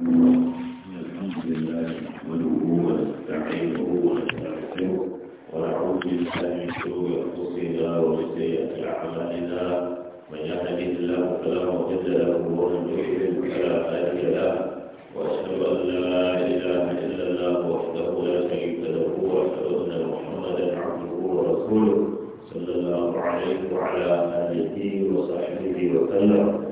الحمد لله نحمده ونستعينه ونستغفره ونعوذ بالله من شرور انفسنا ومن سيئات اعمالنا من يهده فلا مضل له ومن يضلل فلا هادي له واشهد ان لا اله الا الله وحده لا شريك له واشهد ان محمدا عبده ورسوله صلى الله عليه وعلى اله وصحبه وسلم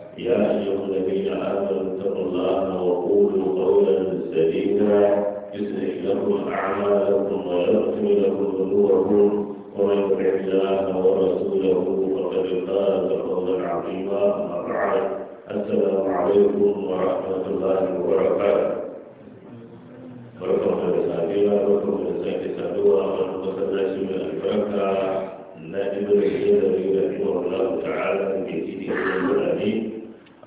يا أيها الذين آمنوا اتقوا الله وقولوا قولا سديدا يصلح لكم أعمالكم ويغفر لكم ذنوبكم ومن يطع الله ورسوله فقد فاز فوزا عظيما أما بعد السلام عليكم ورحمة الله وبركاته barkan da safiya barkan da sake saduwa wani masallaci mai albarka na ibn da da rahimahullahu ta'ala da ke cikin gudanar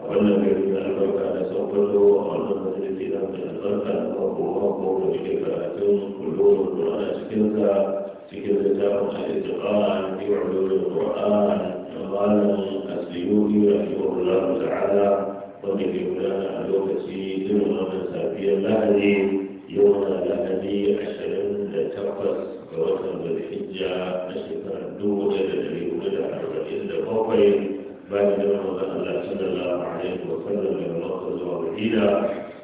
wannan gari na albarka da sokoto a wannan majalisi na mai albarka da mako mako da muke karatun kullum da ana cikinsa cikin littafin a itiqan fi ulumul qur'an da malam asyuti rahimahullahu ta'ala wanda ke gudana a lokaci irin wannan safiyar lahadi yau na lahadi ashirin da takwas ga watan zulhijja na shekarar dubu ɗaya da ɗari hudu da arba'in da bakwai manzo Allah sallallahu alaihi wa sallam da Makka zuwa Madina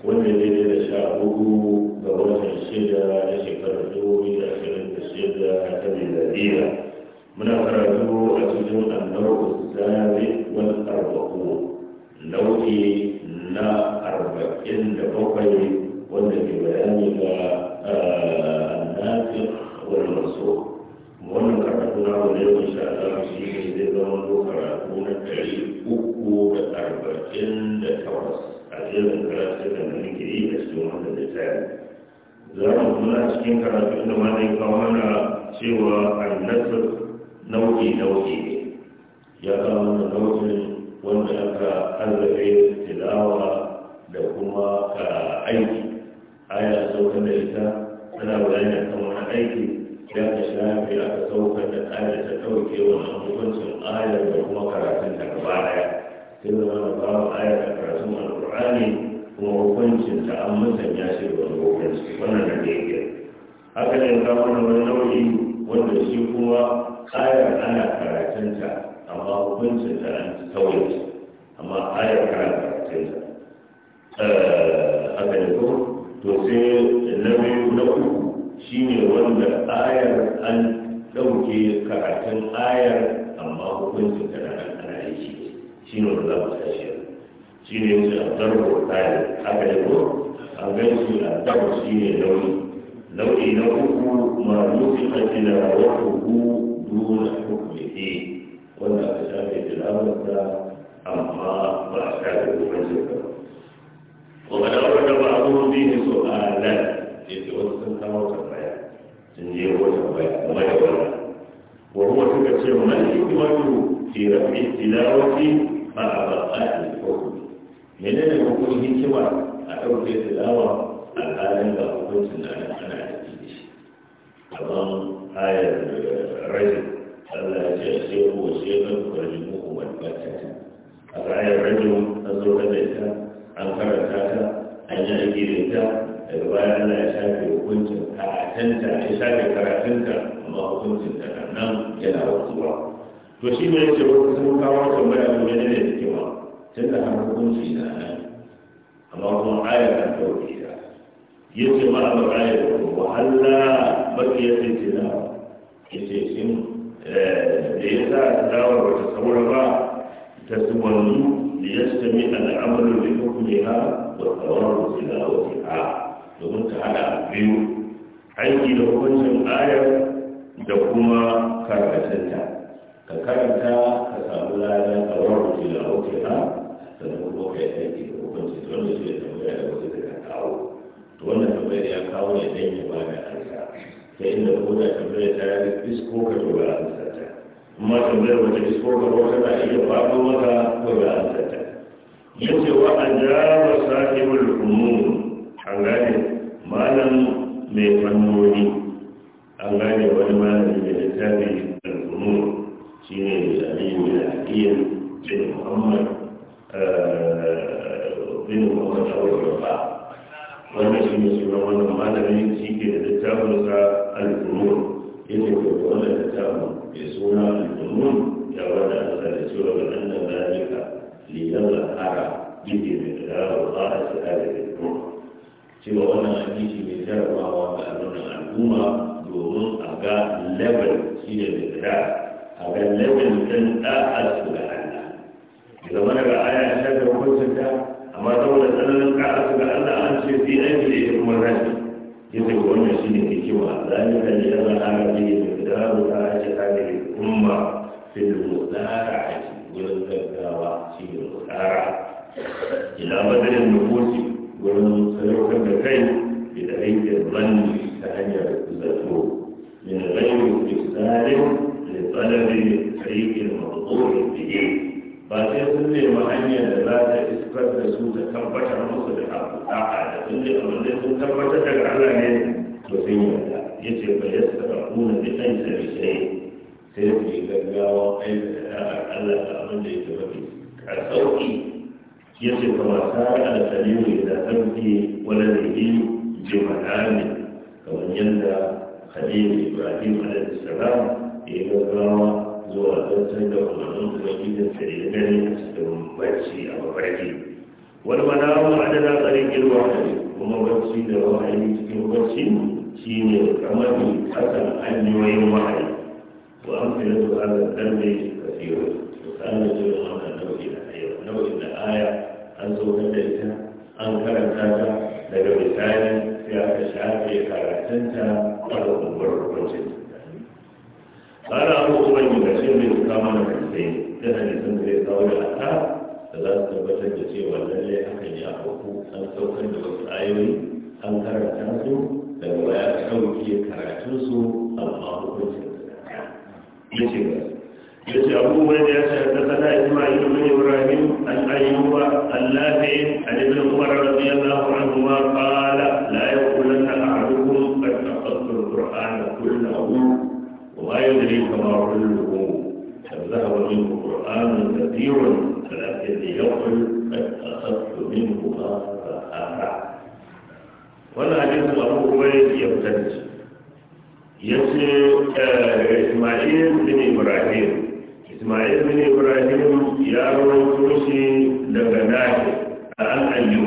wanda ne da sha hudu ga watan shida na shekarar dubu biyu da ashirin da shida ta miladiya muna karatu a cikin annabi zalim wal arba'un nau'i saboda ayar an ɗauke karatun ayar amma hukuncin da na ana yi shi shi ne wanda za mu shi ne yanzu a zarbo ayar haka ne ko an gan shi a dabo shi ne nauyi nau'i na uku ma mutu a tilawa hukuku duna hukumete wanda aka shafe tilawarsa amma ba a shafe hukuncin ba وقد أورد بعضهم فيه سؤالا يتوسل كما sun je wata bai game da wannan wa huwa suka ce mal hikmatu fi rafi tilawati ma abaqati hukm menene hukumin hikima a ɗauke tilawa a halin da hukuncin da ana aiki shi kamar ayar rajin Allah ya ce a ce ku sai ka kurji muku wani wadbatata a ayar rajin an zo da ita an karanta ta an yi aiki da ita daga baya Allah ya shafe hukuncin karatunta ya shafe karatunta amma hukuncin ta nan yana wanzuwa to shi ne yake wani sun kawo tambaya ko ne ne hikima tun da har hukunci na nan amma kuma aya ta dauke eh, ta ce ma amma aya ta wa Allah baki yace tana yace shin da yasa dawo wata saura ba ta su da ya suwanzu liyastami al'amalu li hukmiha wa tawarru tilawatiha domin ta hada a biyu aiki da hukuncin ayar da kuma karatunta ka karanta ka samu lada a warwace da auke ha sannan kuma ka yi aiki da hukuncin wanda shi da tambaya da wasu da ka kawo to wannan tambayar ya kawo ya dan ya bada ansa ta inda ko da ta yi isko ka to ba ansa ta amma tambayar wata isko ka ko tana iya faɗo maka to ba ansa ta yace wa ajaba sahibul umum an malam mai fannoni an wani malam mai littafi al-qunun shine aliyu bin hakiyin bin muhammad bin muhammad al-rafa wannan shine sunan wannan malami shi ke da littafin sa al-qunun yake da wannan littafin mai suna al-qunun ya wanda an da cewa ga annan zalika liyan al-ara yake da dawo ba'a sa'ada cewa wannan hadisi mai jarabawa ga wannan al'umma domin a ga level shi da zira a ga level ɗin ɗa'ar su ga Allah zama daga aya ta da hukuncin ta amma saboda tsananin ƙa'ar su ga Allah an ce sai aiki da ita kuma rashi ya ce wannan shi ne hikima zalika ne yana arabi da ziraru ta ake kare umma fil mutsara a wurin gaggawa shi ne mutsara ila madarin nufusi wurin sadaukar da kai da aikin zanni ta hanyar zato min gairu isalin da tsanani aikin mazurin fiye ba sai sun nemi hanyar da za ta iskar da su ta tabbatar musu da abu da'a da sun ne abin da sun tabbatar daga Allah ne to sun yarda ya ce ba ya saka kuna da kan sarishai sai su yi gaggawa aikata Allah da abin da ya tabbata a sauƙi يصف مسائل تليق اذا تمت ولديهم جمع عام كمن جلد خليل ابراهيم عليه السلام في الى الله زوجته وعلمت مجيدا سليما ويسي او بركي والمنام عدد طريق الواحد وما بسيط الواحد يسكن بسيط سين الكمال حسن عن نوعين واحد وأمثلة هذا الدرب كثيرة وكان يقول الى نوعين أيوة الى آية an zaune da ita an karanta ta daga bisani sai aka shafe karatunta a rukun ba tsara abubuwan yi ga shirin da kama na kai tana da da ya tsawon da ta da za su tabbatar da cewa lalle aka yi a uku an saukar da wasu ayoyi an karanta su daga baya ɗauke karatunsu a hukuncin da ya ce ba يسي أبو هريرة يسي حدثنا إسماعيل بن إبراهيم عن أيوب النافع عن ابن عمر رضي الله عنهما قال لا يقولن أحدكم قد أخذت القرآن كله وما يدريك ما كله ذهب منه قرآن كثير ولكن يقول قد أخذت منه هذا ولا حديث أبو هريرة يمتد يسي آه، إسماعيل بن إبراهيم ismail bin ibrahim ya rawaito shi daga nafi an ayyu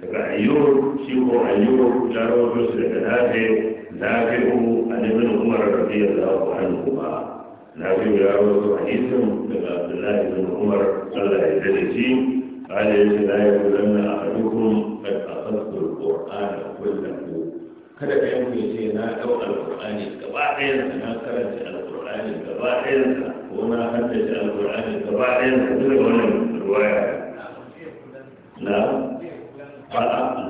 daga ayyu shi ko ayyu ya rawaito shi daga nafi nafi ku an ibn umar radiyallahu anhu ma nafi ya rawaito hadisin daga abdullahi umar Allah ya shi قال لا يقولن أحدكم قد أخذت القرآن كله kada ɗayan ku ya ce na ɗau alƙur'ani gaba ɗayansa na karanta alƙur'ani gaba ɗayansa وما حدث القرآن فبعدين تدرك الرواية لا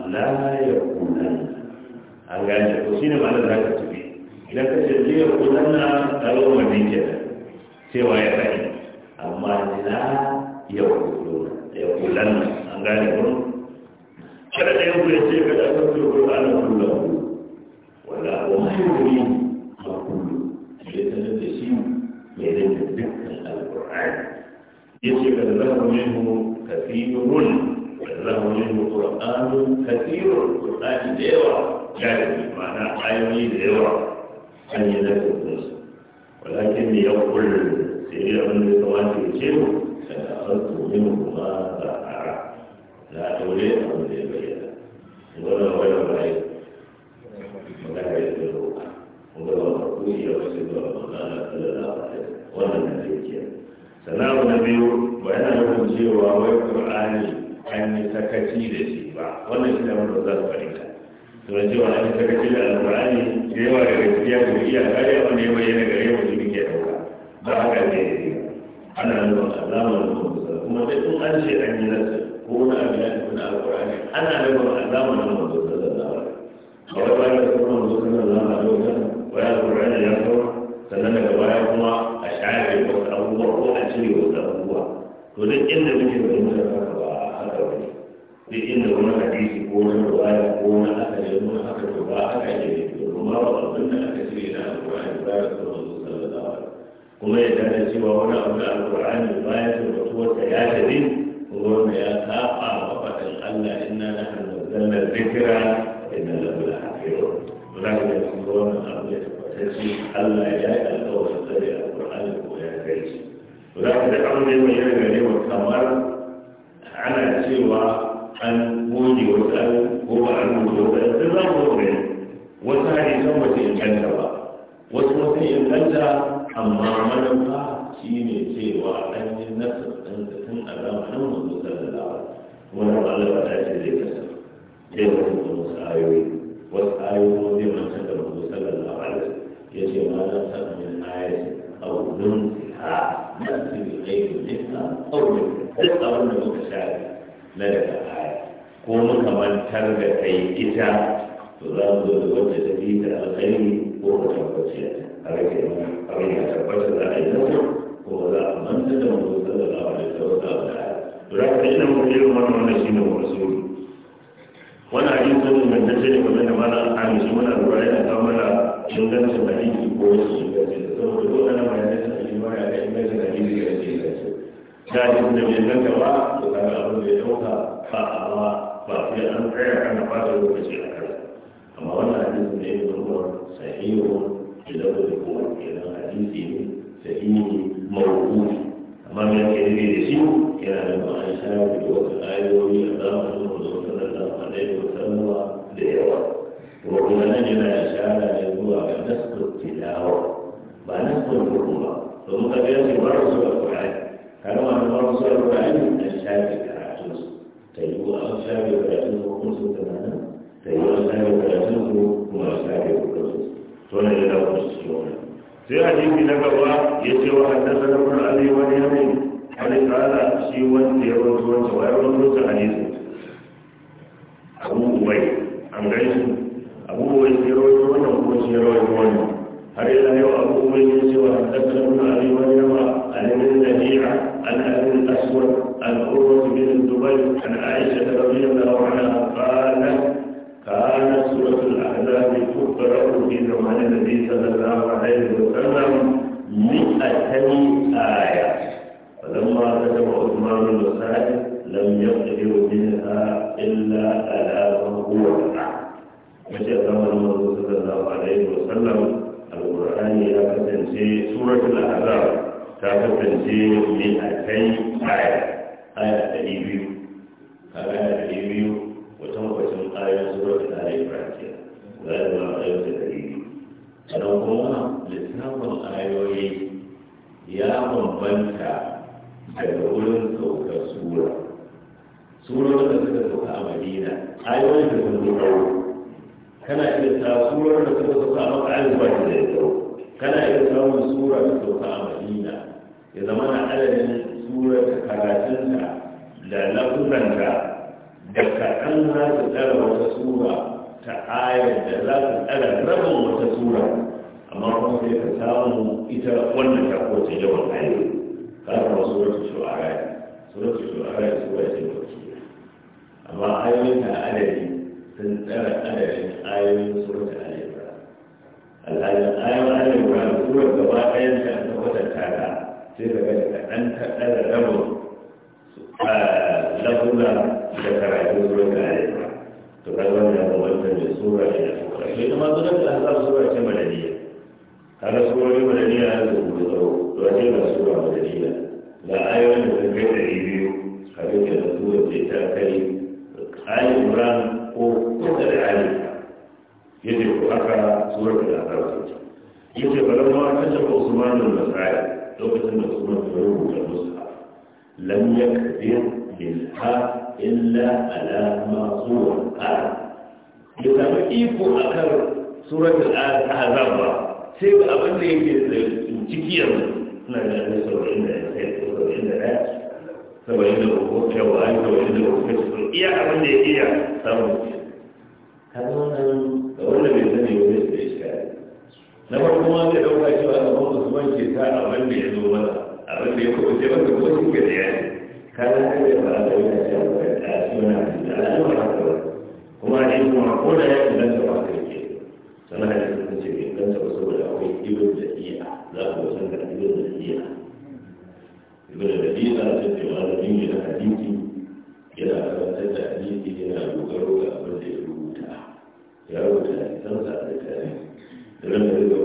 لا يقولن an gane ko shine ma da ka tafi idan ka ce zai ku zanna da ruwan mai ke cewa ya faɗi amma na ya kulo ya kulan an gane ko kada da yau ya ce ka da ka wala ma لأن ذكر القرآن يجب له منه كثير له منه قرآن كثير قرآن ديوة يعني بمعنى آيوي ديوة أن يذكر نفسه ولكن يقول سيري من الزواج يجب فأخذت منه ما ظهر لا أولي أو لا بيان ولا ولا بعيد ولا بعيد ولا مرقوش يوسف ولا لا wannan na sannan na biyu ba yana nufin cewa wai qur'ani an yi sakaci da shi ba wannan shi ne wanda za su fahimta to cewa an yi sakaci da alqur'ani da yawa da gaskiya iya kuma nan yana ishara ne zuwa ga nasu tilawa ba nasu rukun ba to muka ga yake ba su da Qur'ani kana ma ba su da Qur'ani da shafi karatun su yi ko an shafi karatun ko kun su da nan tayi an shafi karatun ko kuma shafi ko to ne da ku shi wannan sai hadisi na gaba yace wa haddathana ibn Ali wa Yamin Ali ta'ala shi wanda ya rawaito wa ya rawaito hadisi Abu Ubay an gaisu abu mai zero ya wannan kuma zero ya wannan har ila yau abu mai ya ce wa haddasa ibn abi maryama an ibn nabi'a an abin aswad an urwa bin dubai an aisha radiyallahu anha qalat كانت سورة الأحزاب تقرأ في زمان النبي صلى الله عليه وسلم مئتي آية فلما كتب عثمان الوسائل لم يقدر منها إلا على من هو الأعلى mace a zamanin manzo sallallahu alaihi wa sallam alqur'ani ya kasance suratul ahzab ta kasance min akai aya aya ɗari biyu a aya ɗari biyu wata makwacin aya suratul ahzab ke za a zama ayoyin ɗari biyu a nan kuma littafin ayoyi ya bambanta daga wurin saukar sura surorin da suka sauka a madina ayoyin da sun zo kana iya sa surar da suka sauka a maka'ayin ba da ya kana iya samun sura da sauka a madina ya zama na adadin surar da karatunta da lafuzanta da kaɗan za ka tsara wata sura ta ayar da za su tsara rabin wata sura amma kuma sai ka samu ita wannan ta kowace yawan ayoyi kafin wasu wata shu'ara suratu shu'ara su wajen wakila amma ayoyin ta adadi sun tsara adadin ayoyin surat al-imran alhalin ayoyin al-imran surat gaba ɗayan ta ta kwatanta ta sai ka gani kaɗan ta ɗara rabin lafula da karatu surat al-imran to kan wani ya bambanta da sura ne da sura shi kuma surat al-azhar sura ce madaniya kaga surori madaniya ya zo mu zo to ce ga sura madaniya da ayoyin da sun kai ɗari biyu kafin da sura ce ta kai ayoyin yace ko aka surar da ta rasu yace balamma ta ce Usman bin Mas'ud lokacin da Usman ya rubuta musa lam yakdir minha illa ala ma suwa al ya samu iko akan surar al-ahzab ba sai ga abin da yake ciki yanzu na da ne sauran da ya sauran da ya sauran da ko yawa sauran da ko iya abin da ya iya samu kaza wannan na farko ma zai ɗauka cewa a gaban usman ke ta a abin da ya zo mana abin da ya kuma ce masa kuma shi ke da yaji kada ka yi ba da yana ce a suna da al'amma haka ba kuma a cikin kuma ko da ya fi nan ta ba ka yake sannan a cikin sun ce bai kanta ba saboda akwai ibin da iya za ku ga san ka ibin da iya ibin da iya za ta ce ma da jini da hadisi yana karantar da hadisi yana dogaro ga abin da ya rubuta ya rubuta da kansa da tarihi ran da zai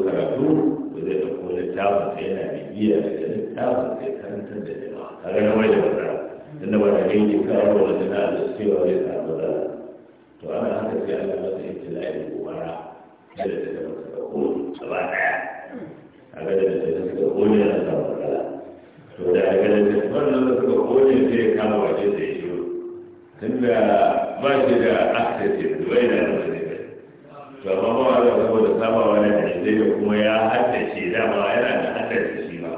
karatu ba zai ɗauko littafin sai yana bibiya da littafin sai karantar da jama'a kaga na wani da wata tunda ba da yanki kawo wa da na da cewa zai samu da to ana haka sai ana masa ibtila'i da gobara da da ta masa da ko gaba daya kaga da da ta suka kone na samu da to da ga da ta wannan da suka kone sai kama waje da ya shiru tunda ba shi da access da wai da to amma ba wani abu da sabawa na dalilai da kuma ya haddace ma yana da haddace shi ba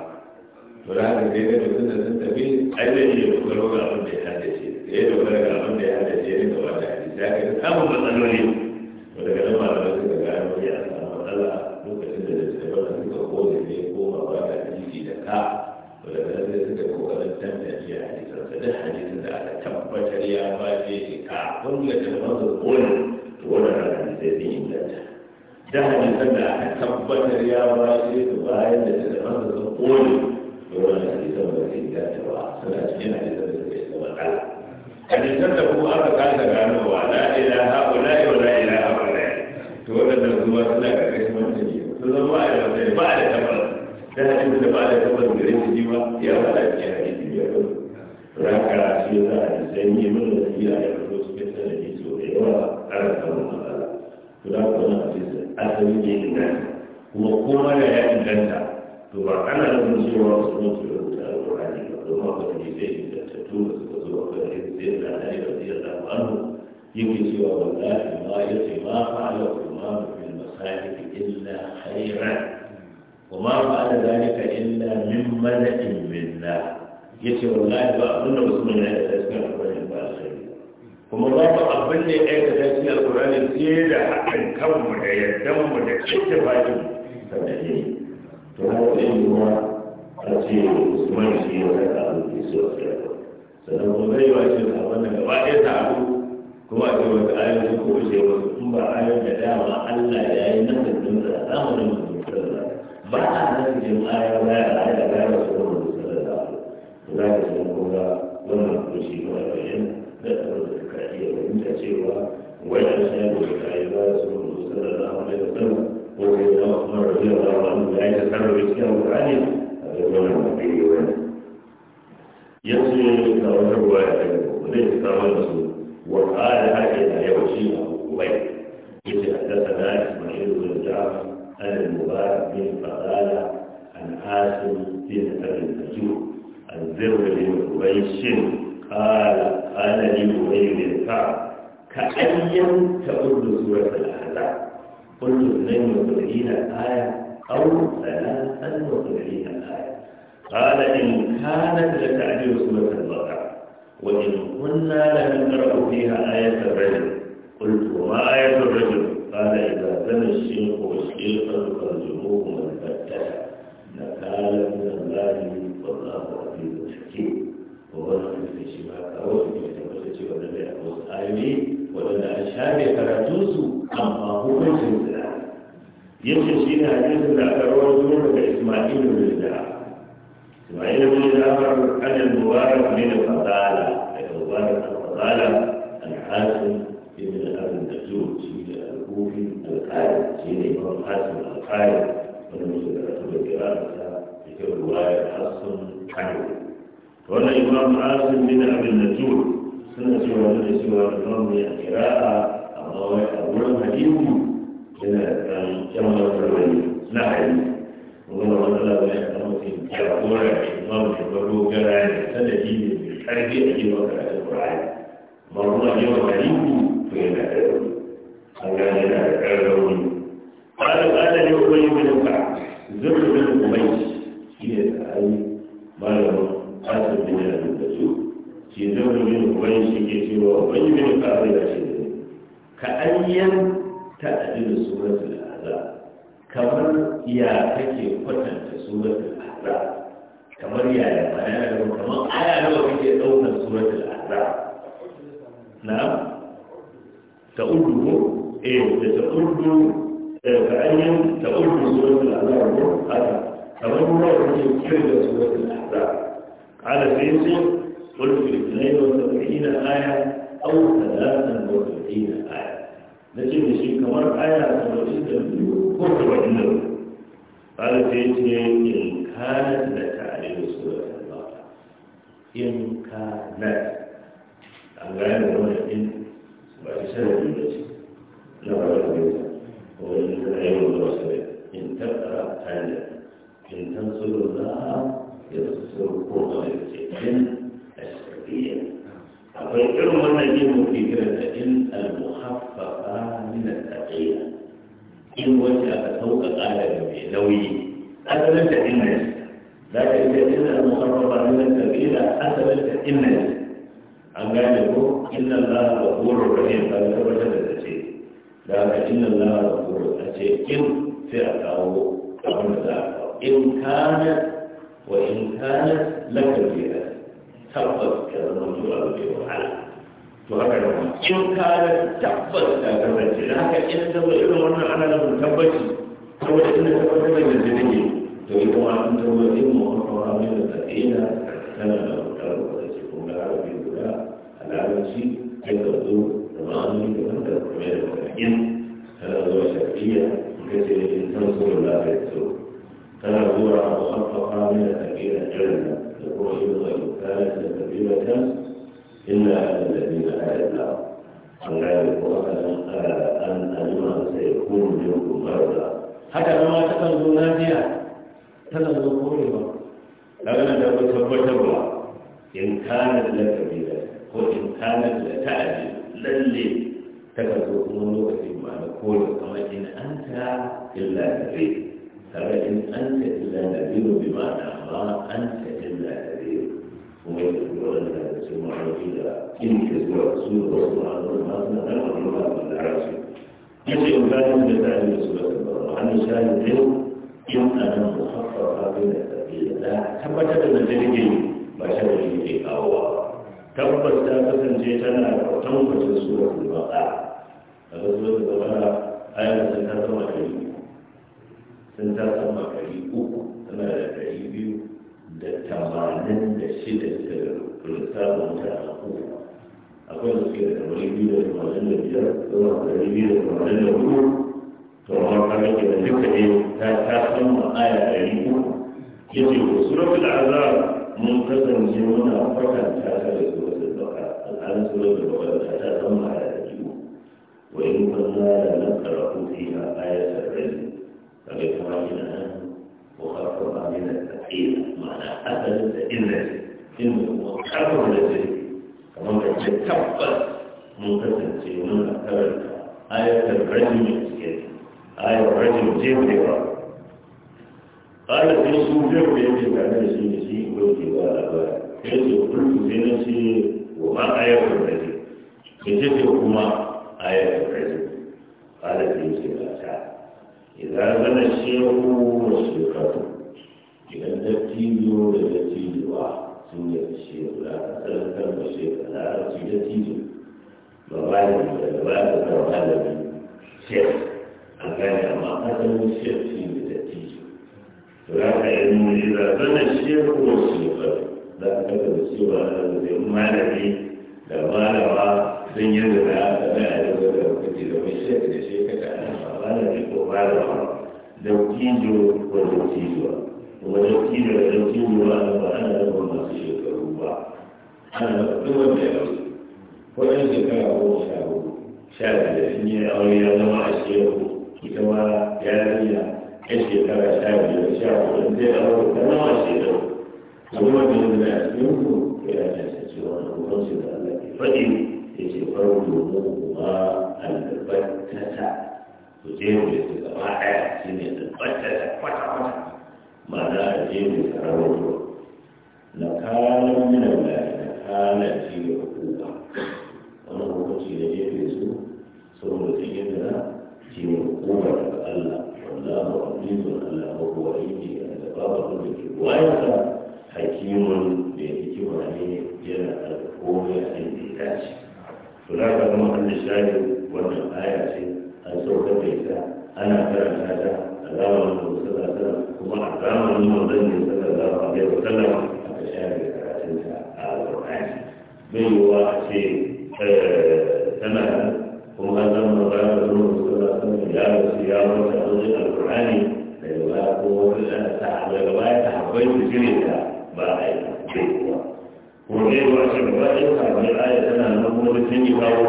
to da haka dai da mutum da sun tafi ai zai iya dogaro ga abin da ya haddace da ya dogara ga abin da ya haddace ya rinka wata hadisi ya kai samun matsaloli to daga nan malamai suka gano ya samu matsala lokacin da littattafan suka kone ne ko ma ba da hadisi da ka to daga nan sai suka kokarin tantance hadisansa duk hadisin da aka tabbatar ya ba shi ka wanda littattafan su kone دليلا دهن سنة تبت يا راشد باين لتلمس القول يقول أنا في سبب الإنجاز وأحسن أشياء في سبب الإنجاز أن تتبعوا أرض هذا قالوا لا إله هؤلاء ولا إله هؤلاء تقول أن الزوار لا كريم من سنين فلما أعلم بعد تبرد دهن سنة بعد تبرد بريد جيما يا ولا إله هؤلاء raka ce za a sanyi mana tafiya ya fito cikin sanadi sau da yawa ana samun to da ku na ce asali ne inganta kuma kowa da ya inganta to ba ana nufin cewa wasu ne ke rubuta alƙur'ani ba don haka ne zai inganta tun da suka zo a kan yin zai da na yi da zai da ma'anu yake cewa wallahi ma ya ce ma fa'ala al-imamu bil masajid illa khairan وما بعد ذلك إلا من ملأ منا يتي والله بقى أقول له بسم الله الرحمن الرحيم kuma ba mu abin da ya aikata cikin alkurani sai da haɗin kanmu da yardanmu da cikin bakin sannan ne to na sai yi wa a ce usman shi ya saka abu ke so a tsaye sannan kuma zai yi wa shi a wannan gaba ɗaya ta abu kuma a ce wata ayar su ko ce wasu in ba ayar da dama allah ya yi nan da tun da zamanin mutum ba a nan jin ayar da ya ayar da ya wasu wani mutum da za ka san kuma wannan kushi ba ya bayyana da abin da cewa imamu shugaban dogara ne sanadi ne mai karfi a gefen karatun ƙur'ani amma kuma gefen hadisi إلا الله رسول أشيء إن فئته أمر إن كانت وإن كانت لك فيها تبت كذا موضوع البيع على إن كانت تبت كذا موضوع هكا إن تبت وأنا أنا لم تبت هو إن تبت من الجنين فإذا أنت مدين مؤخرة من الذين كان لهم كذا يكون العربي ولا العربي كذا الدور تماما كذا كذا كذا tana zuwa shafiya ita ce insan sura lafiya so tana zuwa mu'affafa min al-kabira jirna da kuma yin zuwa kana da kabira ta inna alladhina ayata an gane ko an an alima sai kun yi kun barka haka nan ma ta kan zo lafiya tana zo korewa daga nan da tabbatarwa in kana da kabira ko in kana da ta'adi lalle ta kan zo kuma lokaci مقول قال إن أنت إلا نذير قال إن أنت إلا نذير بمعنى ما أنت إلا نذير هم يقول أن سمع إلى إن كسر رسول الله صلى الله أنا الله من العرش يجب كان بعد سورة البقرة عن شان العلم إن أنا مخففة من الثقيل لا ثبت أن تجري بشر في أو تبقى تكن جيتنا وتنفذ سورة البقرة a wasu da gabana ayar sun ta sama ɗari sun ta sama ɗari uku tana da ɗari biyu da tamanin da shida da lissafin mutanen kuma akwai da suke da ɗari biyu da tamanin da biyar zuwa ɗari biyu da tamanin da hudu to amma ka rage da duka ne ta ta sama aya ɗari uku yace ko suratul azab mun kasance muna kwatanta ta da suratul baqara al'an suratul baqara ta ta sama aya وإن كنا لنقرأ فيها آية الرجل فبإخراجنا وخفض من التأخير معنى أبدا إذن إنه وقعه لذلك كما يتكبر منقسم سيمون أكبر آية الرجل آية الرجل جبريل قال في سوره ويجب على سيدي والجوار يجب كل نفسي وما آية الرجل يجب كما آية الرزق قال في صفاتها إذا بنى الشيخ والشيخة إذا التتيجو لتتيجوا سنة الشيخ لا تتلقى الشيخ لا تتيجو مغالب الأدوات مغالب الشيخ أكان ما قتل الشيخ في التتيجو فلا علم إذا بنى الشيخ والشيخة لا تتلقى الشيخ لا تتلقى da malama sun yi da na da ya zo da kuɗi da mai shi da shi ka ta malami ko malama da kijo ko da kijo wajen kijo da kijo ba ana da masu da ba ana da kuma da yau ko yan shekara ko sha hudu sha da sun yi aure ya zama a shehu ita ma yarinya da shekara sha biyar sha hudu da aure ta zama a shehu a kuma da yanzu ya dace cewa da gwamnati da Allah ke faɗi ya ce faru domin kuma albatata ku je mu da su gaba ɗaya shi ne albatata kwata-kwata ma'ana a je mu da rawato na kalan min Allah na kalan shi da hukuma wani hukunci da jefe su saboda ta yi da shi ne hukuma daga Allah wallahu azizun Allah wa yi yake da babu wanda ke wayar hakimun cewa ne yana da komai a inda ya dace to na ga kuma an lissafi wannan aya ce an saukar da ita ana karanta ta a zamanin da wasu zasu kuma a zamanin manzon ne sallallahu alaihi wa sallam aka shafe karatun ta a alƙur'ani bai yiwuwa a ce tana kuma an zama ba da zuwa sallallahu alaihi ya rasu ya mutu a zuwa alƙur'ani daga baya kuma wani ana ta daga baya ta habbai su shirya ba a yi ce kuwa Kuma gobe ba shi gaba ɗaya sabai aya tana nan kuma da sun yi kawo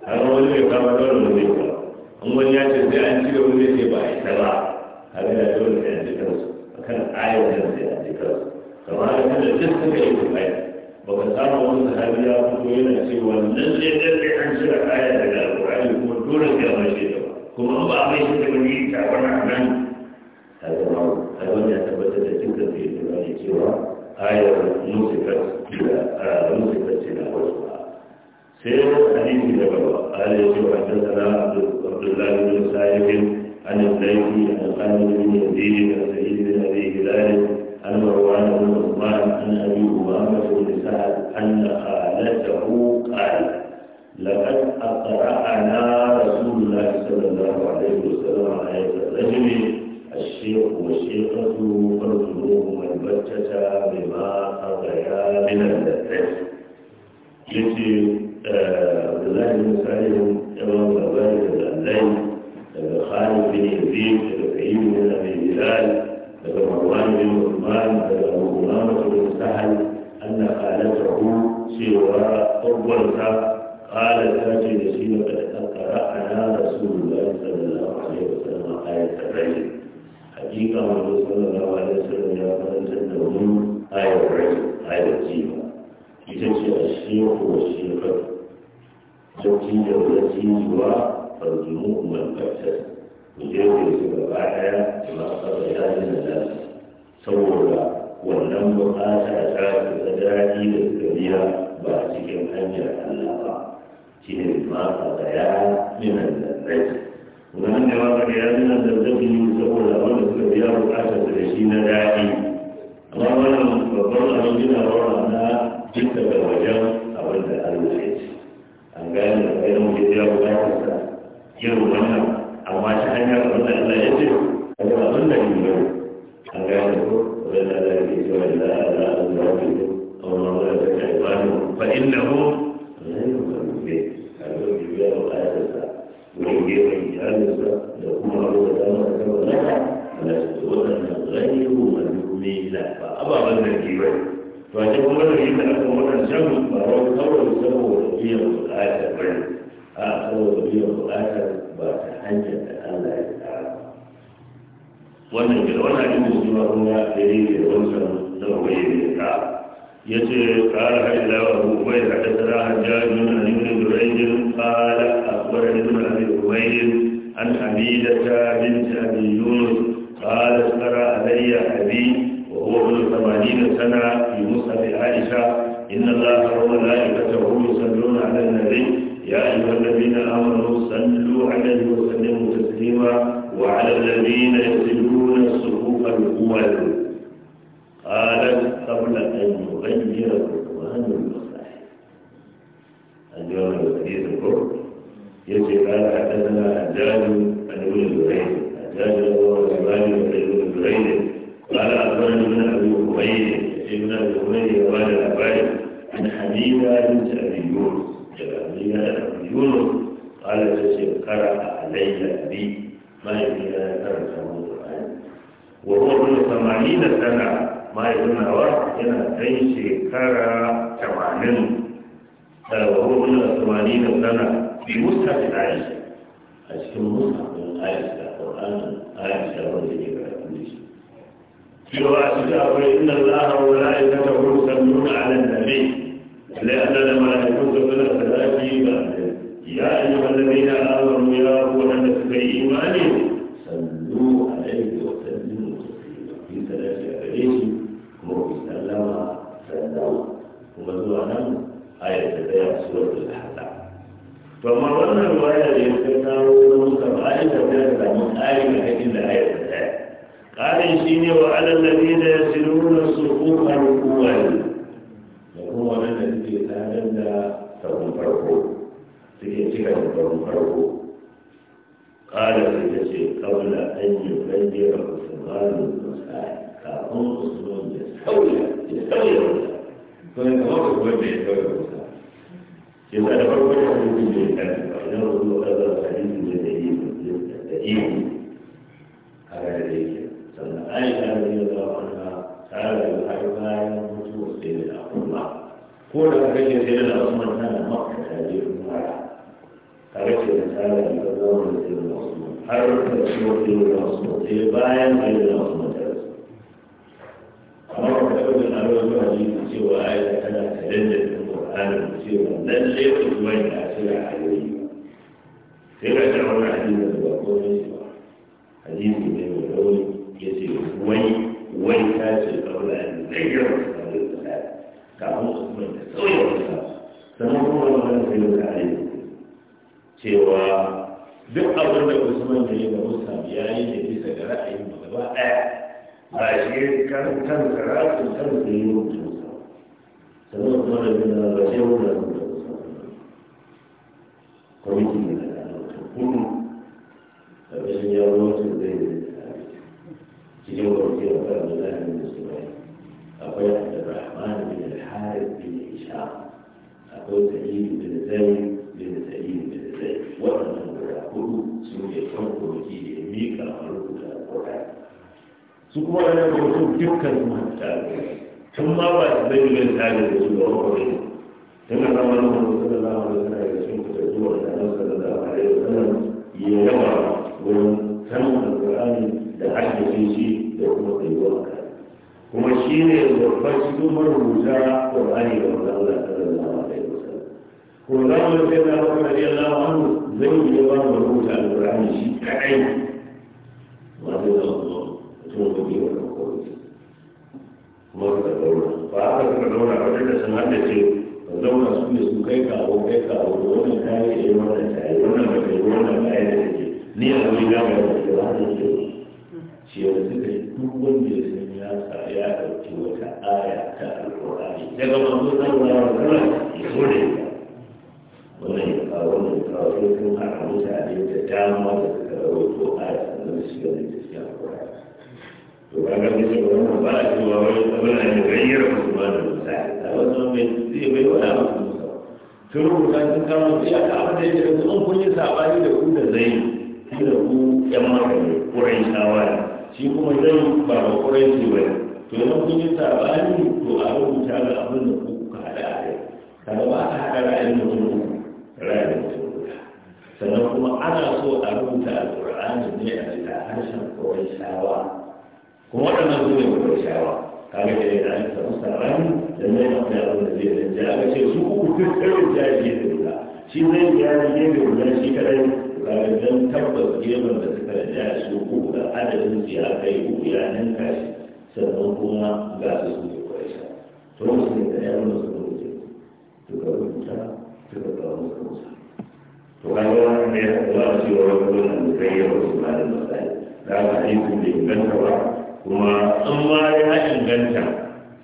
ka har wani mai kama dole da zai kawo in wani ya ce sai an ci gaba zai ce ba a isa ba har yana dole sai an ji kansu akan ayar da sai an ji kansu kamar haka kada duk suka yi su aya ba ka samu wani sahabi ya fito yana cewa lalle lalle an cire aya daga alƙur'ani kuma dole sai a mace ba. kuma an ba a mai shi ta wani ta wannan nan har zama har wani ya tabbatar da dukkan sai ya cewa ayar musikar ce na wasu sai hadisi da gaba ala ya ce wa haddasa abdullahi bin sa'ibin an al-laifi an al-qanin bin yazid da sa'id bin abi hilal an marwan bin usman an abi umama bin sa'ad an qalatahu qala لقد أقرأنا رسول الله صلى الله عليه وسلم على هذا الرجل الشيخ والشيخة فرجوهم البتة بما أغيا من الدفع يجي آه، عبد الله بن سعيد إمام البارد الألين خالد بن يزيد رفعي بن أبي هلال مروان بن عثمان غلامة بن سهل أن خالته سوى أولها قال تاتي نسيبك لقد قرأنا رسول الله صلى الله عليه وسلم آية الرجل hakika wanda sallallahu alaihi wasallam ya karanta da mun ayar rai ayar jiwa ita ce a shehu wa shekar sauki da wani zuwa farjinu umar kaftar ku je ku su gaba ɗaya da masu bayani da nasu saboda wannan bukata ta ta daɗi da kariya ba cikin hanyar Allah ba shi ne ma a tsaya minan da rai wannan da wata da ya zina zazzabi saboda wanda suka biya bukatar da shi na daɗi amma wannan babban abin gina rawa na jinta da wajen abin da allah ya ce an gane da kai mun biya bukatar da irin wannan amma ta hanyar abin da allah ya ce a ga abin da ke yau العلم وهو من الثمانين سنة بمصحف عائشة أشكال مصحف من عائشة القرآن عائشة رضي الله عنها يواسد أقول إن الله وملائكته يصلون على النبي لأن الملائكة ثلاثة أجيبا يا أيها الذين آمنوا يا أولى النبي إيمانهم to amma wannan ruwaya da ya kai kawo wani musa ba a yi tafiya da samun tsari a kan inda ayar ta tsaya ƙarin shi ne wa alallabi da ya siluna su kuka rukuwani da kuma waɗanda suke tsadar da sabon farko suke cika da sabon farko ƙara sai ta ce kawula an yi ɓangare usmanu musai kafin usman ya sauya ya sauya wata kuma kamar kuma da ya sauya yasa da farko da hadisin da ya kafi ba idan wasu wata za su hadisin da ya yi da ihu a gare da yake sannan aisha da ya zama wani tare da har bayan mutuwar sai da kuma ko da ka rage sai da usman tana maka da je umara kare ce da tare da ya zama da sai da usman har da shi wa sai da usman sai bayan sai da usman ta amma ka taɓa da na rawar zuwa jini cewa aisha tana ta dandace adam cewa lalle ku kuma da asira a yoyi sai ka ga wannan hadisi ba ko ne ba hadisi ne mai rauni ce wai wai ta ce kaula an zayyar da sallah kafin su kuma da wa wata sannan kuma wannan sai da hadisi cewa duk abin da Usman ya yi da Musa ya yi ne bisa ga ra'ayin gaba ɗaya ba shi kan kan karatun kan da yi sannan kuma da bin da ba sai wani da kuma kwamiti ne da hudu a ƙarshen yawon wasu zai da cikin kwamiti a kan da zai da su bai akwai abdurrahman bin al-harith bin ishaq akwai sa'id bin zaid bin sa'id bin zaid waɗannan guda hudu su ne kan kwamiti da ya miƙa a rubuta alƙur'ani su kuma wani kwamiti dukkan su masu tun ma ba su zai yin da su ba kwarai tun a zama na wani sallallahu alaihi wasallam ya sun kusa zuwa da nan sallallahu da sanar ya yawa wurin sanin alƙur'ani da haddace shi da kuma tsayuwar kuma shi ne babban cikin marubuta ƙur'ani da wanda Allah sallallahu alaihi wasallam ko za mu sai da Allah radiyallahu anhu zai yi shi kuma ka zauna ba ka suka zauna ba da sun hada ce ka zauna su ne su kai kawo kai kawo da wannan kayi yi wannan kayi wannan da kai wannan da ni a wani gama da ke ba da ke shi yi duk wanda ya san ya sa ya ɗauki wata aya ta alƙur'ani daga ya zama ya zo da ita wannan ya kawo wannan ya kawo sai sun mutane da dama da suka rawaito aya sannan su yi wani gaskiya alƙur'ani وكان يقولون بعد هو su أن يغير حكمان da هذا من يصيب ولا مكتوب تروح كان كانوا في أكابة da ku yan maka kurai shawara shi kuma zai ba ba kurai shi ba to yana kun yi sabani to a rubuta ga abin da kuka hada a kai kaga ba a hada ra'ayin mutum ra'ayin mutum guda sannan kuma ana so a rubuta alqur'ani ne a bisa harshen kurai shawara kuma waɗannan su ne mai shawa kaga da yana yin samu sarari da zai na kai da zai zance aka ce su uku duk irin jari gefe guda shi zai jari gefe guda shi kadai kaga don tabbas gefen da suka da jari su uku da adadin su ya kai uku ya ninka shi sannan kuma ga su su ne kawai sha to sun yi da yaro da su ne suka rubuta suka kawo musu musa to kaga wannan ne ya kawo cewa wani gudunan da kai yawan su ma da masai da haka ne da ne ganta ba kuma an ma ya inganta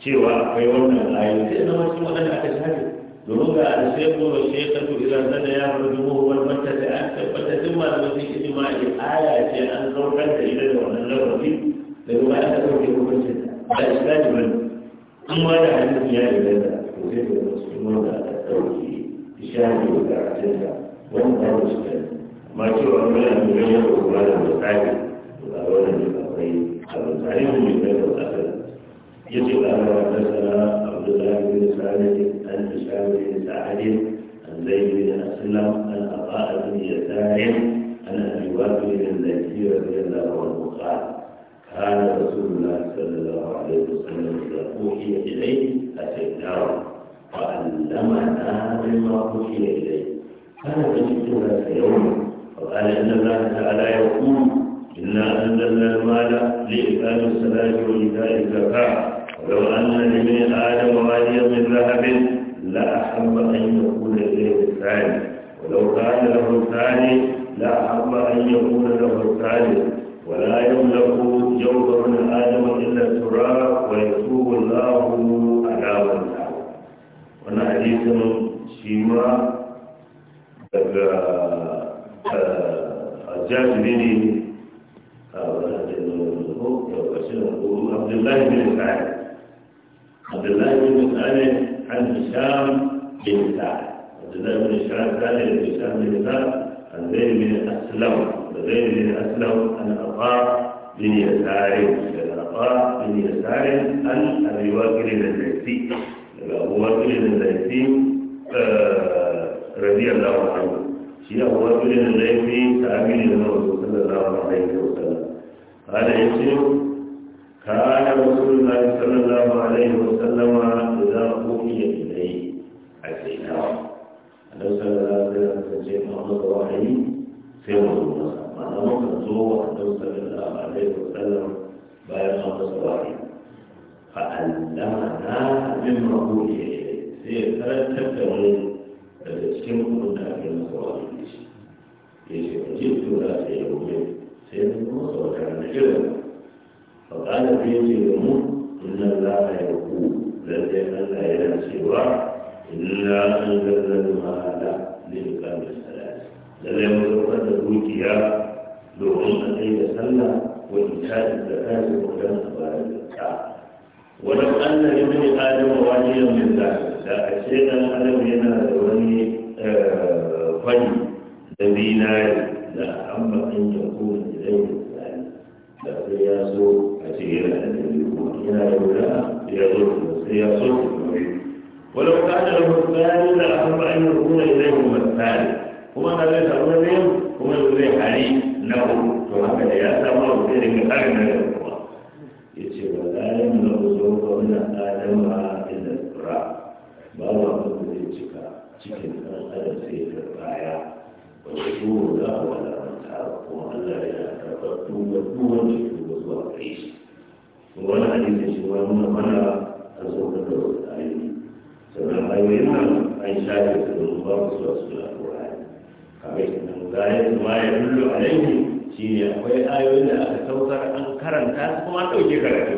cewa akwai wannan ayoyi sai na wasu waɗanda aka shafe domin ga alshaiku wa shekatu idan zana ya faru duhu wani mata da an tabbata duk malamai sun ma jima'i aya ce an zaukar da ita da wannan lafafi da kuma an ka ɗauke hukuncin ba a ta ji wani an ma da hannun ya inganta da zai zama cikin da aka ɗauke shafe da ajiyarsa wani ba da shi yi amma cewa wani yana da yawan da kuma da misali da wannan حدثنا عبد الله بن سالم عن هشام بن سعد عن زيد بن اسلم عن عطاء بن يسار عن ابي واقد الزكي رضي الله عنه قال كان رسول الله صلى الله عليه وسلم اذا اوحي اليه اتيناه وعلمنا مما اوحي اليه كان في الناس يوم وقال ان الله تعالى يقول انا انزلنا المال لاقام الصلاه وايتاء الزكاه لو أن لبني آدم واديا من ذهب لأحب أن يكون إليه الثاني ولو كان له الثاني لأحب أن يكون له الثالث ولا يملك جوف من آدم إلا التراب ويتوب الله على من وأنا حديث شيما آه، الجاج بن آه، آه، عبد الله بن سعد عبد الله بن مسعد عن هشام بن سعد عبد الله بن هشام سعد بن هشام بن سعد عن زيد بن اسلم زيد بن اسلم عن عطاء بن يسار عن يعني عطاء بن يسار عن ابي واكر الليثي يعني ابو واكر الليثي آه، رضي الله عنه شيء ابو واكر الليثي صحابي للرسول صلى الله عليه وسلم قال يسير كان رسول الله صلى الله عليه وسلم إذا أوحي إليه أتيناه أنه صلى الله عليه وسلم سيد محمد وحي سيد الله معنى ممكن تروح أنه صلى الله عليه وسلم بايع خمس وحي فعلمنا مما أوحي إليه سيد ثلاث تبتغي الاسكين كنا في المصوري يجب أن جئت ولا سيد سيد المصوري كان جدا فقال في يوم إن الله يقول لدي الله إلى سوى إلا أنزلنا المال لإقام الصلاة لدي مدرسة الوكية لهم أن يتسلى وإيتاء الزكاة وكان أبارك الزكاة ولو أن لابن آدم واجبا من ذلك لا أشيء أن آدم ينال ولي آه، فني الذي لا أما أن يكون إليه الثاني لا يا سوء ولو كان له الثاني لأحب أن يكون إليهم الثالث هو ما ليس أولهم هو الذي عليه له فهذا يا سماه غير أغنى الله يجب ولا يملك ذوق من آدم إلا القراء بابا قد لي cikin ɗan adam sai ya baya ba su tuwo وأن لا mata kuma Allah ya karɓar tuwa wani hadisi shi wani nuna mana a saukar da wasu ayoyi sannan ayoyin nan an shafe su domin zuwa su a cikin alƙur'ani kamar nan gayan ma ya lullu alaihi shi ne akwai ayoyin da aka saukar an karanta kuma an ɗauke karatu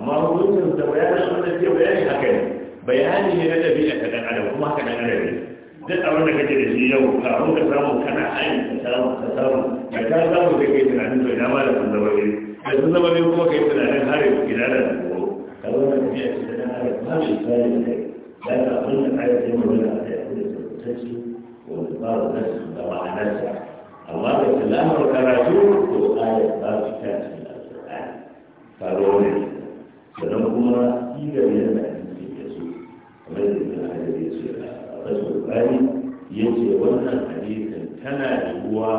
amma hukuncin da bayanin wanda ke bayani haka ne bayani ne na ɗabi'a ta ɗan adam kuma haka ɗan adam ne duk abin da kake da shi yau kafin ka samu kana ayin ka samu ka samu da ka samu da kai tunanin to ina ma da sun zama iri da sun zama biyu kuma ka yi tunanin har yau gida da goro ka zama da biya ce da har yau ba mai tsari da kai da ka abin da ayat ya magana a da kuma tabbatacce wanda ba wa nasu da ma'anarsa amma da tilamar karatu ko ayat ba su ta ce da alƙur'ani faro ne sannan kuma ƙirar yadda ake da su kamar da ibn hajar ya ce a rasul bani ya ce wannan hadisin tana yiwuwa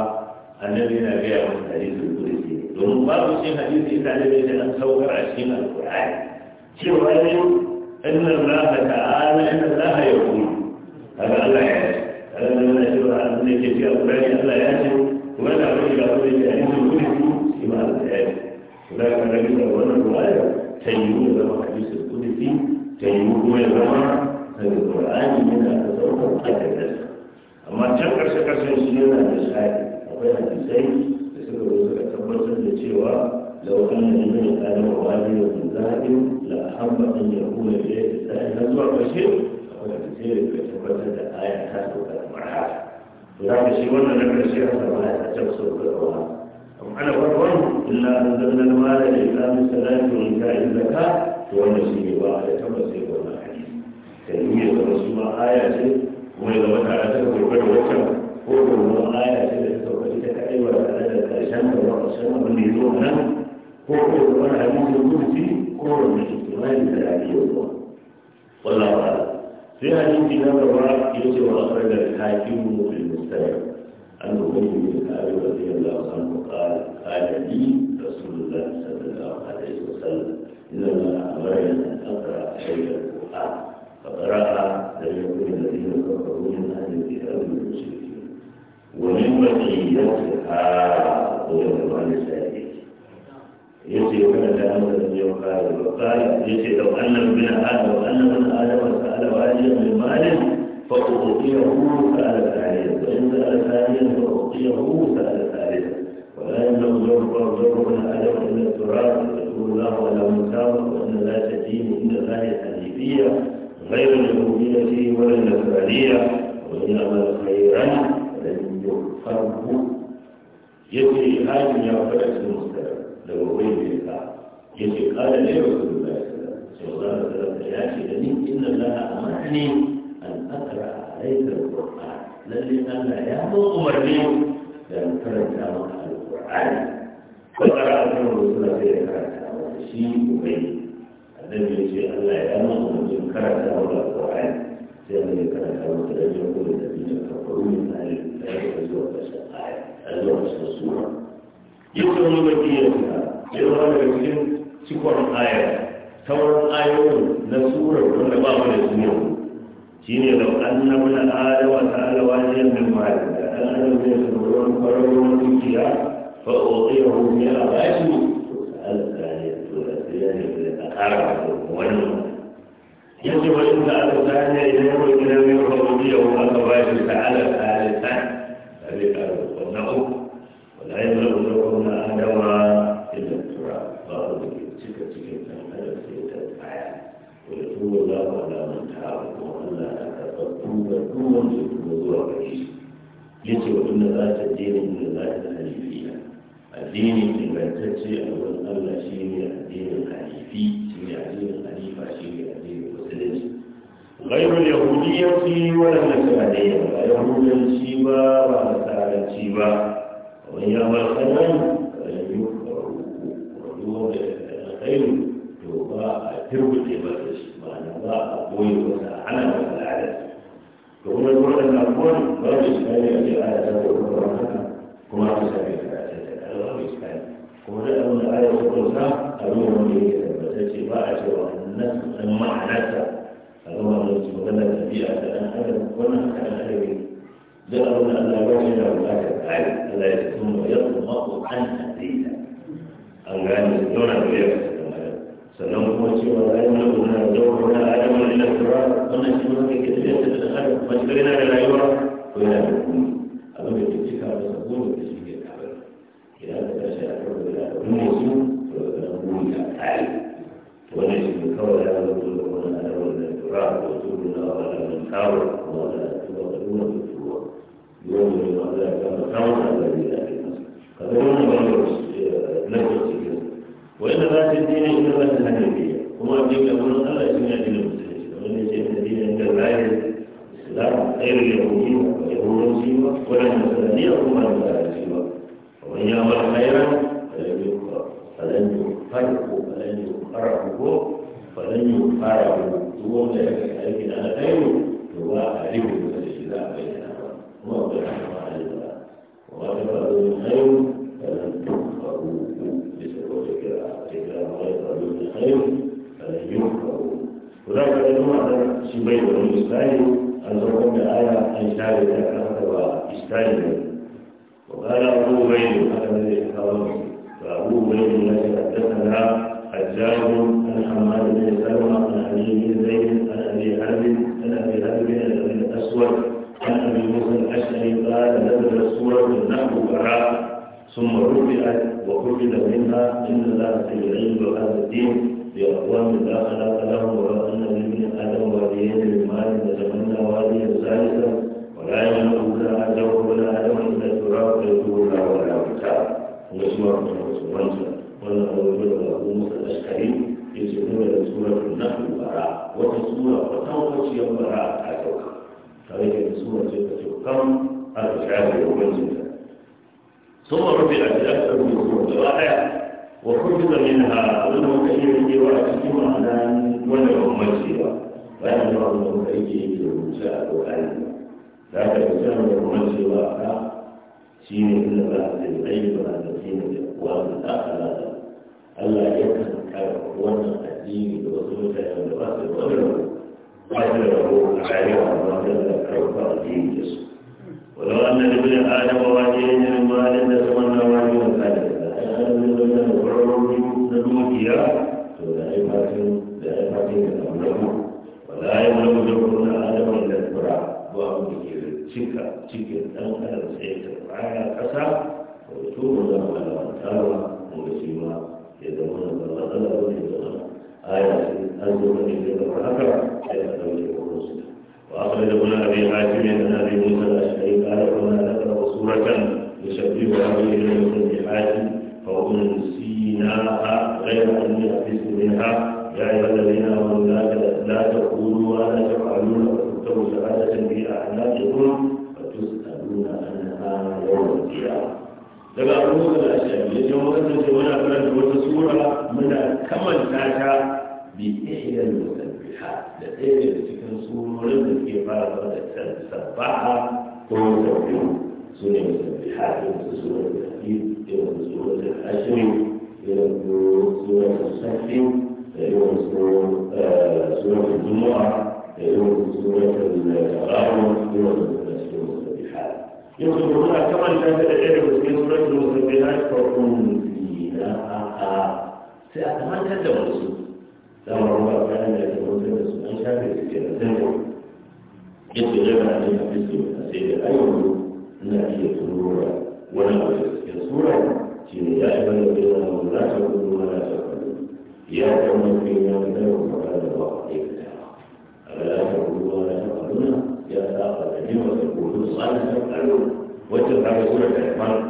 annabi yana gaya wani hadisin kudi domin babu shi hadisi ta da yake an saukar a cikin alkur'ani cewa ne inna allaha ta'ala inna allaha yaqulu kaga Allah ya ce kaga nan na cewa an ne ke cewa alkur'ani Allah ya ce kuma da ne ga wani da yake gudu shi ma Allah ya ce da ka ga da wannan ruwaya ta yi ne da hadisi fi? ta yi kuma ya zama alkur'ani na da saukar hadisin amma can karshe karshen shi yana da shayi akwai hadisai da suka zo suka tabbatar da cewa lauƙan da ne ya ɗaya wa wani da zaɓin la'amba ɗin ya kuma da tsaye na zuwa ƙashe a kuma da ce da tabbatar da aya ta so ka da mara to za ka shi wannan na ƙarshe a sama ya ta cewa so ka zama amma farkon illa a zannan mara da ya samu salatu ta yi zaka to wanda shi ne ba a tabbas ya kuma na hadisi ta yi ya zama su ma aya kuma ya zama ta a cewa ko wata karantarwa ya ce wa akwai da hakimu fil mustaqbal an rubuta min Ali radiyallahu anhu qala qala li rasulullah sallallahu alaihi wasallam inna ma amara an aqra shay'an qur'an fa qara'a lam yakun alladhina kafaru min ahli al-kitab mushrikin wa min baqiyatiha wa min ba'd يجي من الآن الذي آدم وأن ابن آدم سأل واجبا من ماله فأعطيه سأل ثانيا وإن سأل ثانيا فأعطيه سأل ثالثا ولا يملك جرب من آدم إلا التراب يقول الله على مساوى وأن لا تدين إلا ثانية حنيفية غير اليهودية ولا النصرانية وإن خيرا لن يغفره يجري حاكم يغفر المستقبل لأبين لك يجي قال لي رسول الله صلى الله عليه وسلم يا شيخني إن الله أمرني أن أقرأ عليك القرآن للي أنا يا أمرني لأن كرمت على القرآن فقرأ أكرم رسول الله في كرمت شيء يجي الله يا أمرني أن كرمت القرآن سيما كرمت على القرآن يقول الذين كفروا من الكتاب أزواج الشقائق أزواج الصورة yi wani makiyarsa ya zama daga cikin cikon aya sauran ayoyin na surar wanda ba mu da su yau shi ne da annabi na adawa ta alawa ne min mali da annabi ne da ruwan kwararruwan dukiya fa oqiya hu ne a bashi alƙali to da sai ne da ƙara wannan yace wa in da aka tsaya idan ya roƙi na mai rabuwa aka bashi ta alaƙa ta ne ƙara wannan yace wanda za ta dena da za ta halifiya addini ingantacce a wurin Allah shi ne addinin halifi shi ne addinin halifa shi ne addinin musulunci غير اليهودية ولا النصرانية لا يهودية با ولا نصرانية با وإنما الخيران يوضع الخير يوضع تربط بس معنى ضاع قوي وسعنا وسعنا يقول الوضع الأول لا يستطيع أن يعالى سبب كما تسمي kuma da abin da ayar ta kusa abin wanda yake tabbatacce ba a cewa nan ma'anarsa a zama da su magana tafiya da ɗan adam wannan kan adabin duk abin da Allah ya bashi da bukatar kare Allah ya ce sun ya kuma ko an asila an gane nuna da ya fita da mara sannan kuma cewa zai nuna gona da dawo na adam da ila tura wannan ko da da zuciyar ba za a ɗauka tare جدة القرن ce ta ce kan a da shafi ثم رفعت أكثر من صورة رائعة وخرج منها ظلم كثير وأكثر على ولو مسيرة فأنا أظن أيدي بالمساء وأنا لا تكسر المسيرة سين إلا بعد الغيب على سين الأقوام الأخلاق ألا يكن كون الدين بصوته والبصر وغيره أجره عليهم وجل كوكب جيجس ولو أن لابن آدم واجهين من مال تتمنى واجه ذلك لأن عروض نموتيا لا يمكن لا يمكن أن تملكه ولا يملك جبر آدم إلا الكرة وهم بكير تكا تكا أن أرد سيئة الرعاية قسا ويتوب لهم على أنتارها ويسيما يدمون الله الله يدمون آية أنزل إليك وهكذا كيف تنجبون رسلا وأخرج ابن أبي حاتم عن أبي موسى الأشعري قال كنا نقرأ سورة يشبهها بالمسلم بحاتم فأنسيناها غير أني أحس منها يا أيها الذين آمنوا لا لا تقولوا ولا تفعلون وتكتبوا شهادة في أعناقكم فتسألون عنها يوم القيامة daga abubuwan da shafi ya jan wanda ce wani abu da wata sura muna kamanta ta bi ɗaya da musabbiha da ɗaya daga cikin surorin da suke fara da sabbaha ko musabbihu su ne musabbiha irin su surar da hafi irin su surar da ashirin irin su surar da safi irin su surar da juma'a irin su surar da tarawih irin su surar da يذكرون كما كان في سورة المسبحات فأنزل سأتمنى التوسل لما ربع كان يتمنى التوسل أن كان في سكينة يتجمع عليها في سورة سيدة أيوة أنها يذكرون ولا في سورة يا أيها الذين آمنوا لا تقولوا ولا تقولوا يا قوم الذين آمنوا فقد الله عليكم أفلا تقولوا ولا تقولون يا أخذ الجنة أن تفعلوا وتفعلوا الإعمال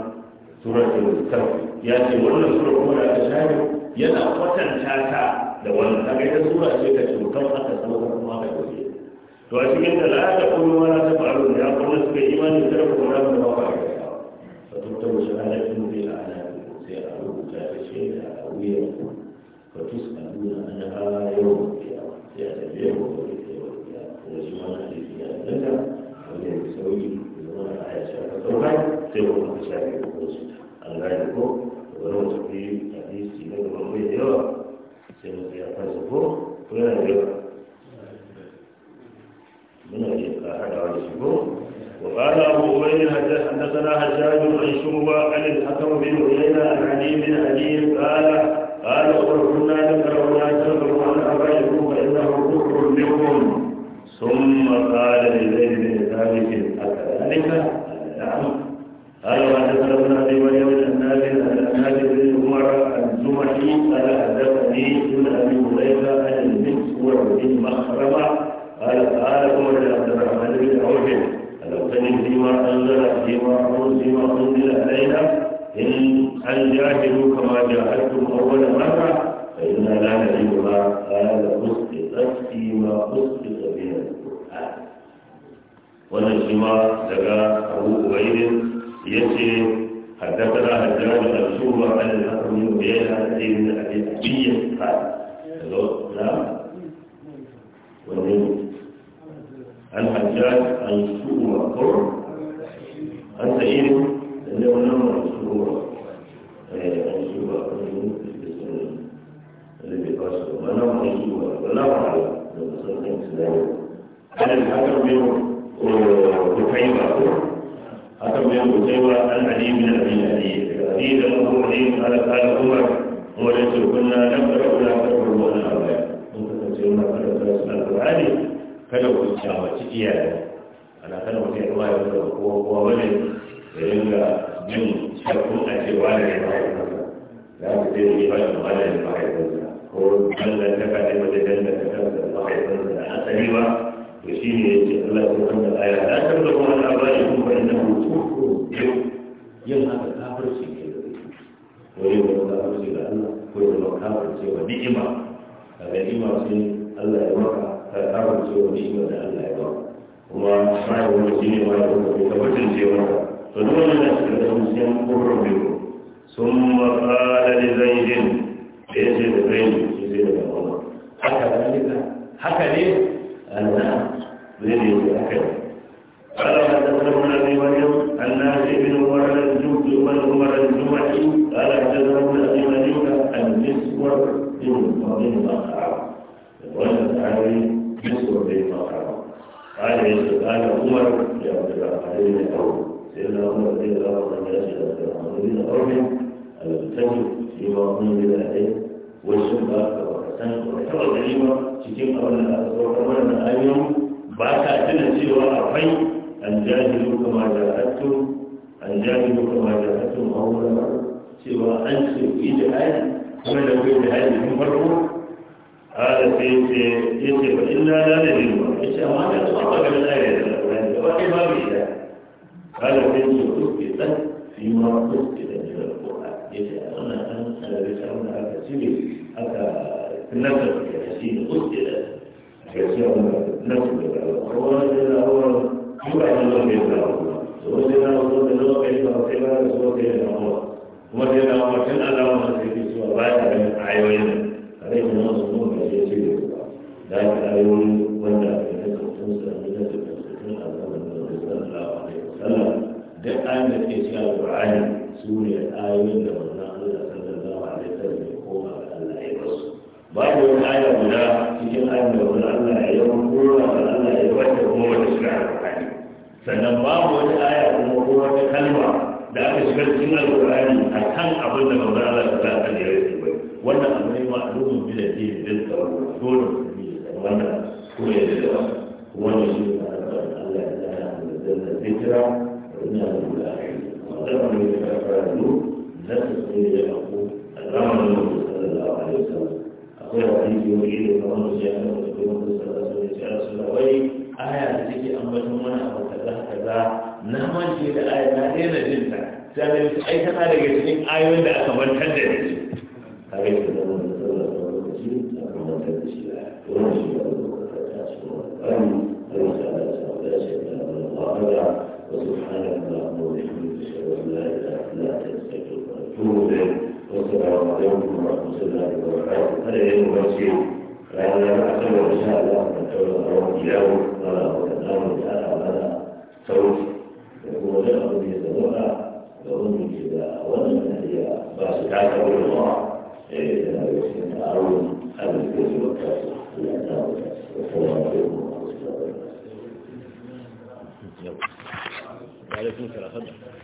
سورة المستوى يعني ولا سورة ولا تشاهد يا قتل شاكا لو أن تقعد سورة شيكا شمكو حتى سورة ما بيقولي فعشان أنت لا تقول ولا تفعل يا قرنس بإيمان يترك ولا من ما بعد فتكتب شهادتهم في أعلامكم سيعلمك شيئا أو يقول فتسألون أنها يوم sai wani ta shafi ko ko shi an gane ko wani wasu fi hadisi na gaban mai da yawa sai mu sai a kansa ko ko yana da yawa muna da ka haɗawa da shi ko وقال أبو أبي حدثنا حجاج عن شعبة عن الحكم بن عيينة عن علي بن علي قال قال وكنا نكره لا تكره عن أبائكم فإنه كفر بكم ثم قال لزيد بن ثابت أكذلك da Allah ko ya zama kafin cewa ni'ima a ga ni'ima sun Allah ya maka ta kafin cewa ni'ima da Allah ya ba kuma sai wani shine ma ya zama ko ta bacin cewa to duk wani na cikin da sun siyan kurrun biyu sun makala da zaijin da ya ce da zaijin shi zai da mama haka zalika haka ne Allah zai ne haka ne قال حدثنا ابي مريم عن نافع بن عمر الجوع بن عمر الجمعي قال حدثنا مصر بن مطمئن مقعد وجد علي مصر بن مقعد قال قال عمر لعبد العالمين الأول سيدنا عمر رضي الله عنه يسأل عبد العالمين الأول الثاني فيما أنزل إليه والسنة وحسن وحسن الغريبة تجيب أولا أولا أيام بعد أن سوى أربعين أن جاهدوا كما جاهدتم أن جاهدوا كما جاهدتم أولا سوى أن سوى إجهاد kuma da kai da hali mun farko ala sai ce yace fa inna la nadin wa yace amma da su ba ga da ayat da Qur'ani ba kai ba bi da ala sai ce uski tan fi ma uski da Qur'ani yace wannan an sarare sarare aka cire aka nasa da shi uski da yace wannan nasa da Qur'ani da Allah kuma da Allah bai da Allah so da Allah da Allah bai da Allah kuma sai da wani tun an zama masu yake cewa ba ya ganin ayoyin a zai kuma wasu kuma ba shi ce da ya da ayoyi wanda ya da kautun sa da ya da kautun a zaman da ya sallallahu alaihi wasallam duk an da ke cewa qur'ani su ne ayoyin da wannan Allah sallallahu alaihi wasallam ya koma ga Allah ya basu babu wani aya guda cikin ayoyin da wani Allah ya yi kura da Allah ya yi wata kuma wata shi a sannan babu wani aya kuma ko wata kalma da aka shiga cikin alkur'ani a kan abin da manzon Allah ta ta da ya ce bai wannan abu ne ma alumun bi da ke da tsawon dole musulmi ya san wannan ko ya da wannan wannan shi ne Allah ya tsara da zanna zikira ina da mulaki wannan ne da karatu da su ne da aku al'amarin da sallallahu alaihi wasallam akwai wani yoyi da kamar da ya kawo da kuma sallallahu alaihi wasallam wai aya da take ambaton wani abu kaza kaza na manje da aya na daina jin ta sai da su ai tana daga cikin ayoyin da aka mantar da ni a yi da zama da sallar da lokaci a kuma da shi da wannan shi da lokacin ta su ran ran da Allah ya sa da shi da Allah ya wa subhanallahi wa bihamdihi wa la ilaha illa anta astaghfiruka wa atubu ilayk wa assalamu alaikum wa rahmatullahi wa barakatuh kada yin wasu ranar asabar insha Allah da taurin rawar gidawo wala wa ta'ala wa ta'ala wa ta'ala sauki وغير أن يدعوها لهم كذا ومن هي بعد ذلك أول الله يسلم أول هذا الجزء والكسر لأنه والسلام عليكم ورحمة الله وبركاته.